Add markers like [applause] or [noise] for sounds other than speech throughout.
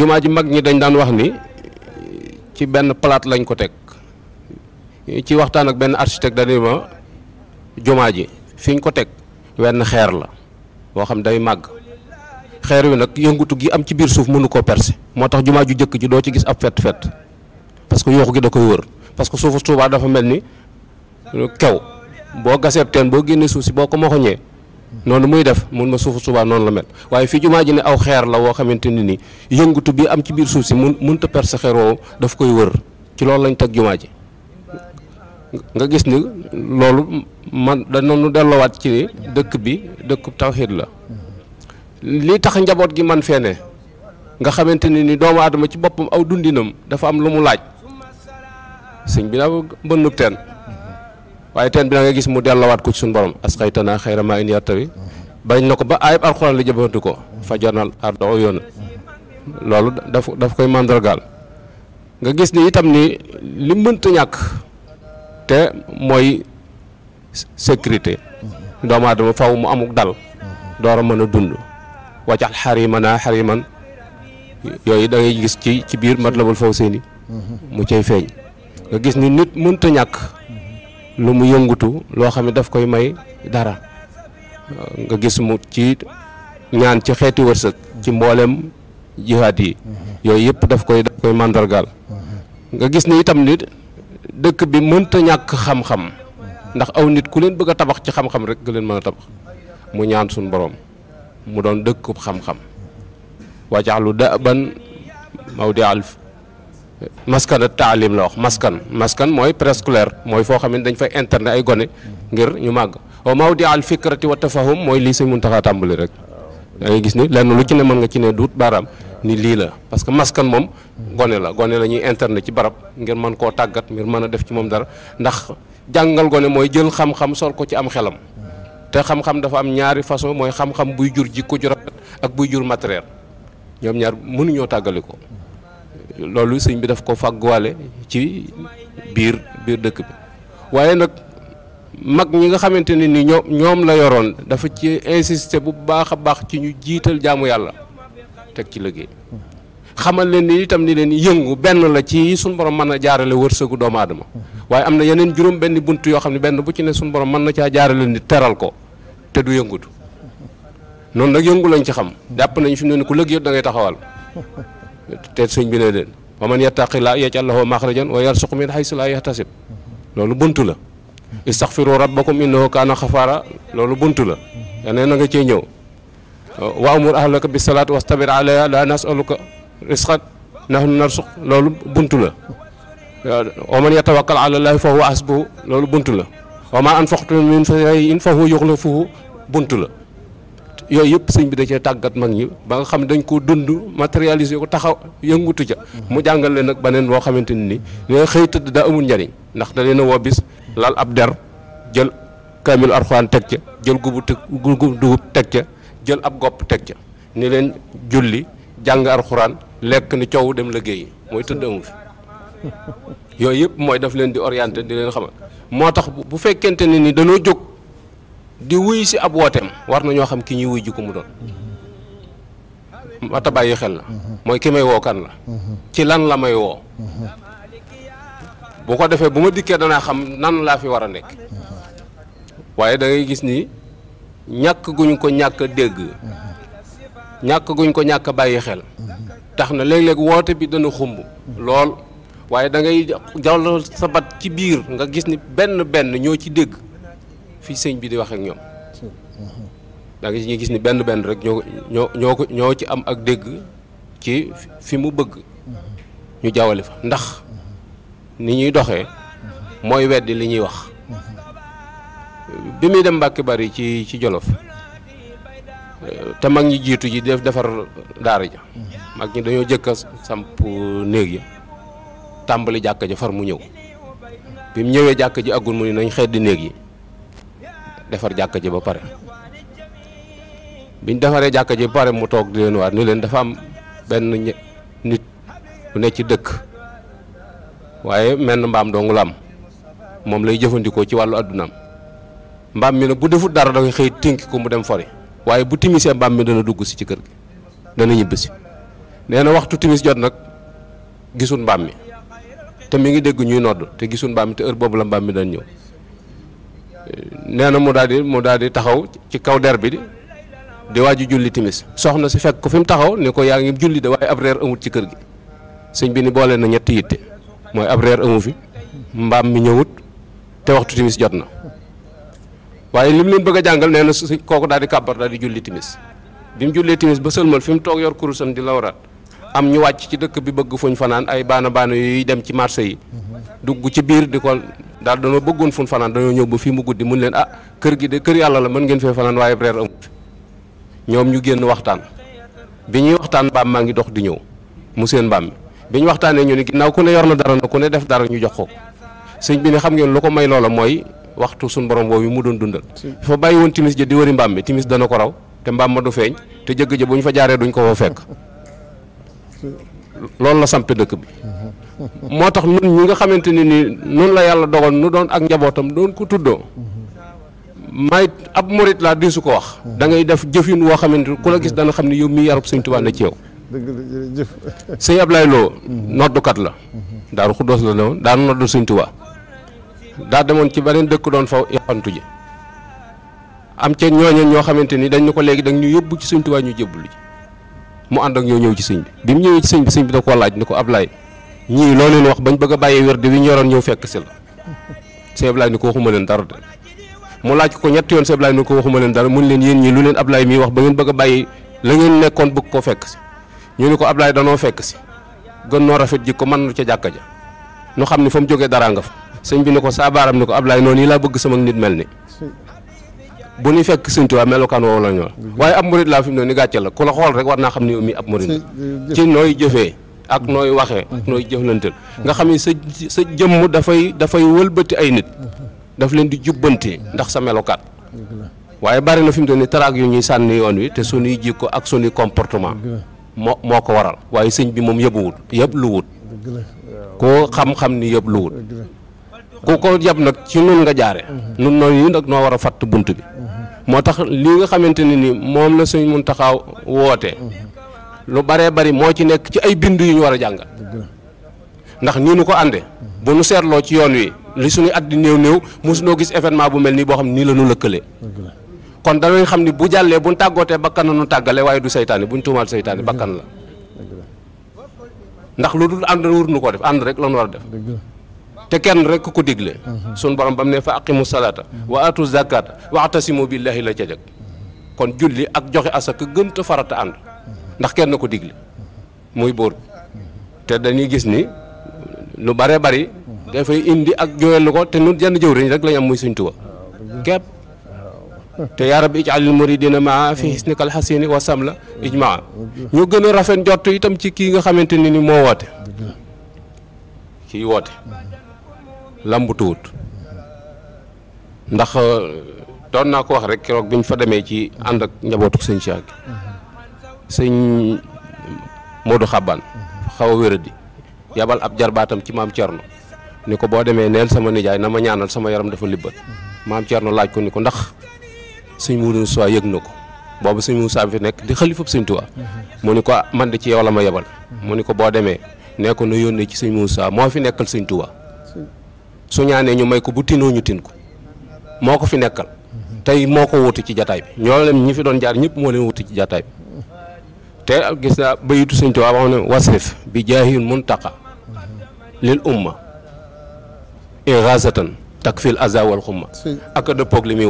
jumaa ji mag ñi dañ daan wax ni ci ben plate lañ ko tek ci waxtaan ak ben architecte dañ ma jumaa ji fiñ ko tek ben xeer la bo xam day mag xeer wi nak yëngutu gi am ci biir suuf mënu ko percer motax tax jumaa ju jëkk ji doo ci gis ab fet fet parce que yooxu gi da koy wër parce que suufu tuubaa dafa mel kew bo gaseeb ten bo genn suuf ci boko ko moxoñee non muy def mun ma suufu subaa non la mel waye fi juma ji ne aw xeer la wo xamanteni ni ni bi am ci bir suuf si mun munta perse xero daf koy wër ci loolu lañ teg juma ji nga gis ni loolu man delo wat ci dekk bi dekk tawhid la li tax njabot gi man fene nga xamanteni ni doomu adama ci bopam aw dundinam dafa am lu mu laaj sëñ bi daa nuk ten waaye teen bi da gis mu dellowaat ko ci suñu borom asqaytanaa xayra maa in yartawi bañ na ko ba ayib alxuraan la jëfandikoo fajarnal arda uyuunan loolu daf daf koy màndargaal nga gis ni itam ni li mënta ñàkk te mooy sécurité doomu aadama faw mu amuk dal door mën a dund wàccax xarimana man yooyu da gis ci ci biir Matlabul Fawzayni mu cay feeñ nga gis ni nit mënta ñàkk lu mu yëngutu lo xamni daf koy may dara nga gis mu ci ñaan ci xeeti wërseuk ci mboolem jihad yi yoy yep daf koy daf koy mandargal nga gis ni itam nit dekk bi mënta ñak xam-xam ndax aw nit ku leen bëgg tabax ci xam-xam rek nga leen tabax mu ñaan borom mu doon dekk xam-xam wajalu da'ban mawdi alf maskan ak taalim la wax maskan maskan mooy presque préscolaire mooy foo xam ne dañ fay internet ay gone ngir ñu màgg wa mawdi al fikrati wa tafahum mooy lii mun Muntaxa tàmbali rek da gis ni lenn lu ci ne mën nga ci ne dut baaraam ni lii la parce que maskan moom gone la gone la ñuy internet ci barab ngir mën koo tàggat ngir mën a def ci moom dara ndax jàngal gone mooy jël xam-xam sol ko ci am xelam te xam-xam dafa am ñaari façon mooy xam-xam buy jur jikko ju rafet ak buy jur matériel ñoom ñaar mënuñoo tàggali ko loolu sëñ bi dafa ko fàgguwaale ci biir biir dëkk bi waaye nag mag ñi nga xamante ne ni ñoom ñoom la yoroon dafa ci insister bu baax a baax ci ñu jiital jaamu yàlla teg ci liggéey xamal leen ni itam ni leen yëngu benn la ci suñu borom mën a jaarale wërsëgu doomu adama waaye am na yeneen juróom benn bunt yoo xam ne benn bu ci ne suñu borom mën na caa jaarale nit teral ko te du yëngutu noonu nag yëngu lañ ci xam jàpp nañ fi mu ne ku lëg yëpp da taxawal te sëñ bi ne leen wa man yattaqi laa yaj'al lahu makhrajan wa yarsuq min haysu laa yahtasib loolu buntu la istaghfiru rabbakum innahu kaana xafaara loolu buntu la yeneen na nga cee ñëw wa amur ahlaka bi salaat wastabir alayha laa nasaluka risqan nahnu narsuq loolu buntu la wa man yatawakkal ala llahi fa huwa hasbuhu loolu buntu la wa ma anfaqtum min shay'in fa huwa yukhlifuhu buntu la yoy yep sëñ bi da ci tagat mag ñi ba nga xam dañ ko dund matérialiser ko taxaw yëngutu ja mu jangal le nak banen bo xamanteni ni ne xey tud da amul ñari ndax da leena a lal abder jël kamil arxuraan tek ca jël gubu tek gubu dugub tek ca jël ab gop tek ca ni leen julli jang arxuraan lek ni ciow dem liggéeyi mooy tëdd amu fi [laughs] yoy yep moy daf leen di orienter di leen xamal motax bu fekkente ni danoo jog di wuy si ab wooteem war na ñoo xam ki ñuy wuy ji ko mu doon mata bàyyi xel la mooy ki may woo kan la ci lan la may woo bu ko defee bu ma dikkee xam nan laa fi war a nekk waaye da ngay gis ni ñàkk guñ ko ñàkk dégg ñàkk guñ ko ñàkk bàyyi xel tax na léeg-léeg woote bi dana xumb lool waaye da ngay jawlal sa bat ci biir nga gis ni ben benn ñoo ci dégg fii sëñ bi di waxeek ñoom mhm. da nga ci gis ni benn benn rek ñoo ñoo ñoo ci am ak dégg ci fi mu bëgg mhm. ñu jawale fa ndax mhm. ni ñuy doxee mooy weddi li ñuy wax bi muy dem Mbàkke Bari ci ci Jolof euh, te mag ñi jiitu ji def defar daara ja mag ñi dañoo jëkk a samp néeg yi tàmbali jàkka ja far mu ñëw bi mu ñëwee jàkka ji àggul mu ni nañ xeddi néeg yi defar jàkka ji ba pare biñ defaree jàkka ji ba pare mu toog di leen waar ni leen dafa am benn nit bu nekk ci dëkk waaye menn mbaam dong la am moom lay jëfandikoo ci wàllu addunaam mbaam mi nag bu defut dara da koy xëy tinki ko mu dem fori waaye bu timisee mbaam mi dana dugg si ci kër gi dana ñibbisi nee na waxtu timis jot nag gisul mbaam mi te mi ngi dégg ñuy nodd te gisul mbaam mi te heure boobu la mbaam mi dana ñëw nee na mu daal di mu daal di taxaw ci kaw der bi di waaju julli timis soxna si fekk ko fi mu taxaw ni ko yaa ngi julli de waaye ab reer amut ci kër gi sëñ bi ni boole na ñetti yitte mooy ab reer amu fi mbaam mi ñëwut te waxtu timis jot na waaye li mu leen bëgg jàngal nee na su kooku daal di kàbbar daal di julli timis bi mu jullee timis ba sëlmal fi mu toog yor kurusam di lawraat am ñu wàcc ci dëkk bi bëgg fuñ fanaan ay baana baana yuy dem ci marché yi mhm. dugg ci biir di dal dañu bëggoon fun fanan dañu ñëw ba fi mu guddi mun leen ah kër gi de kër yalla la mën ngeen fe fanan waye reer amut ñom ñu genn waxtaan bi waxtaan bam ma ngi dox di ñëw mu seen mbaam bi waxtaané ñu ni ginnaaw ku ne yor na dara na ku ne def dara ñu jox ko señ bi ni xam ngeen lu ko may loola moy waxtu suñ borom boobu mu doon dundal fa bayyi won timis je di wëri mbam mi timis dana ko raw te mbam ma du feñ te jëg je buñ fa jaaré duñ ko fekk loolu la sampé dëkk bi motax tax nun ñi nga xamanteni ni nun la yalla dogal nu doon ak njabotam doon ko tuddo may ab mourid la disu ko wax da ngay def jëfine wo xamanteni ku la gis dana xam ne yow mi yarub seigne touba na ci yow ablay lo noddu kat la daaru xuddoos la newoon daa noddu seigne touba da demon ci benen dekk doon faw yaxantu ji am ci ñooña ño xamanteni dañ ñu ko léegi dañ ñu yobbu ci seigne touba ñu jëbblu ji mu ànd ak ñoo ñew ci seigne bi bi mu ñëwee ci seigne bi seigne bi da ko laaj ni ko ablay ñii loo leen wax bañ bëgg a bàyyi wérdi wi ñoroon ñëw fekk si la Sëñ Ablaay ni ko waxuma leen dara de mu laaj ko ñetti yoon Sëñ Ablaay ni ko waxuma leen dara mun leen yéen ñii lu leen Ablaay mi wax ba ngeen bëgg a bàyyi la ngeen nekkoon bëgg ko fekk si ñu ni ko Ablaay danoo fekk si gën noo rafet ji ko man na ca jàkka ja nu xam ni fa mu jógee dara nga fa sëñ bi ni ko saa baaram ni ko laay noonu yi laa bëgg sama nit mel ni bu ñu fekk sëñ Tuubaa melokaan woowu la ñu waaye ab murit laa fi mu ne ni gàcce la xool rek war naa xam ni mi ab murit ci nooy jëfee ak nooy waxee ak nooy jëflanteel mm-hmm. nga xam ni sa sa jëmm dafay dafay wëlbati ay nit mm-hmm. daf leen di jubbantee ndax sa melokaat waaye bari na fi mu toll nii taraak yu ñuy sànni yoon wi te sunuy jikko ak sunuy comportement moo moo ko waral waaye sëñ bi moom yëbuwut yëpp lu wut koo xam-xam ni yëpp lu wut ku ko yab nag ci nun nga jaare mm-hmm. nun noonu yi nag noo war a fatt bunt bi moo tax lii nga xamante ne ni moom la sëñ mun taxaw woote lu bare bari mo ci nek ci ay bindu yu ñu war a ndax ni ñu ko ande bu ñu sétlo ci yoon wi li suñu add neew neew néew mosunoo gis événement bu melni bo xam ni la ñu lëkkale kon da lay xamni bu jàllee bu tàggootee bakkan ñu nu tàggale waaye du seytaane buñ tumal seytaane bakkan la ndax lu dul ànd wuur ñu ko def ànd rek la ñu wara def te kenn rek ku digle sun borom bam ne fa aqimu salata wa atu zakata wa atasimu billahi la jajak kon julli ak joxe asaka gënta farata ande ndax kenn ko digle muy buur te dañuy gis ni lu bare bari dafay indi ak jooyal ko te nun jenn jëwriñ rek lañ am muy Sëñ Tuubaa képp te yaa rabbi ij'alil muridina maa fi hisnikal hasini wa samla ijmaa ñu gën a rafet njort itam ci kii nga xamante ni ni moo woote kii woote làmbutuwut ndax doon naa ko wax rek keroog bi ñu fa demee ci ànd ak njabootu sëñ Cheikh sëñ Modou Xaban xaw a wéradi yabal ab jarbaatam ci maam Thierno ni ko boo demee neel sama nijaay na ma ñaanal sama yaram dafa libbat maam Thierno laaj ko ni ko ndax suñ Modou Moussa yëg na ko boobu suñ Moussa bi fi nekk di xalifab sëñ Tuubaa mu ni ko ah, man de ci yow la ma yebal mu ni ko boo demee nee ko na yónnee ci suñ Moussa moo fi nekkal sëñ Tuubaa su ñaanee ñu may ko bu tinoo tin ko moo ko fi nekkal tey moo ko wuti ci jataay bi ñoo leen ñi fi doon jaar ñëpp moo leen wuti ci jataay تجد أنك تجد أن تجد أنك تجد أنك تجد للأمة إغازة تكفي الأزا والخمة أكد بوغ لمي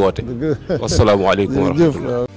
والسلام عليكم ورحمة الله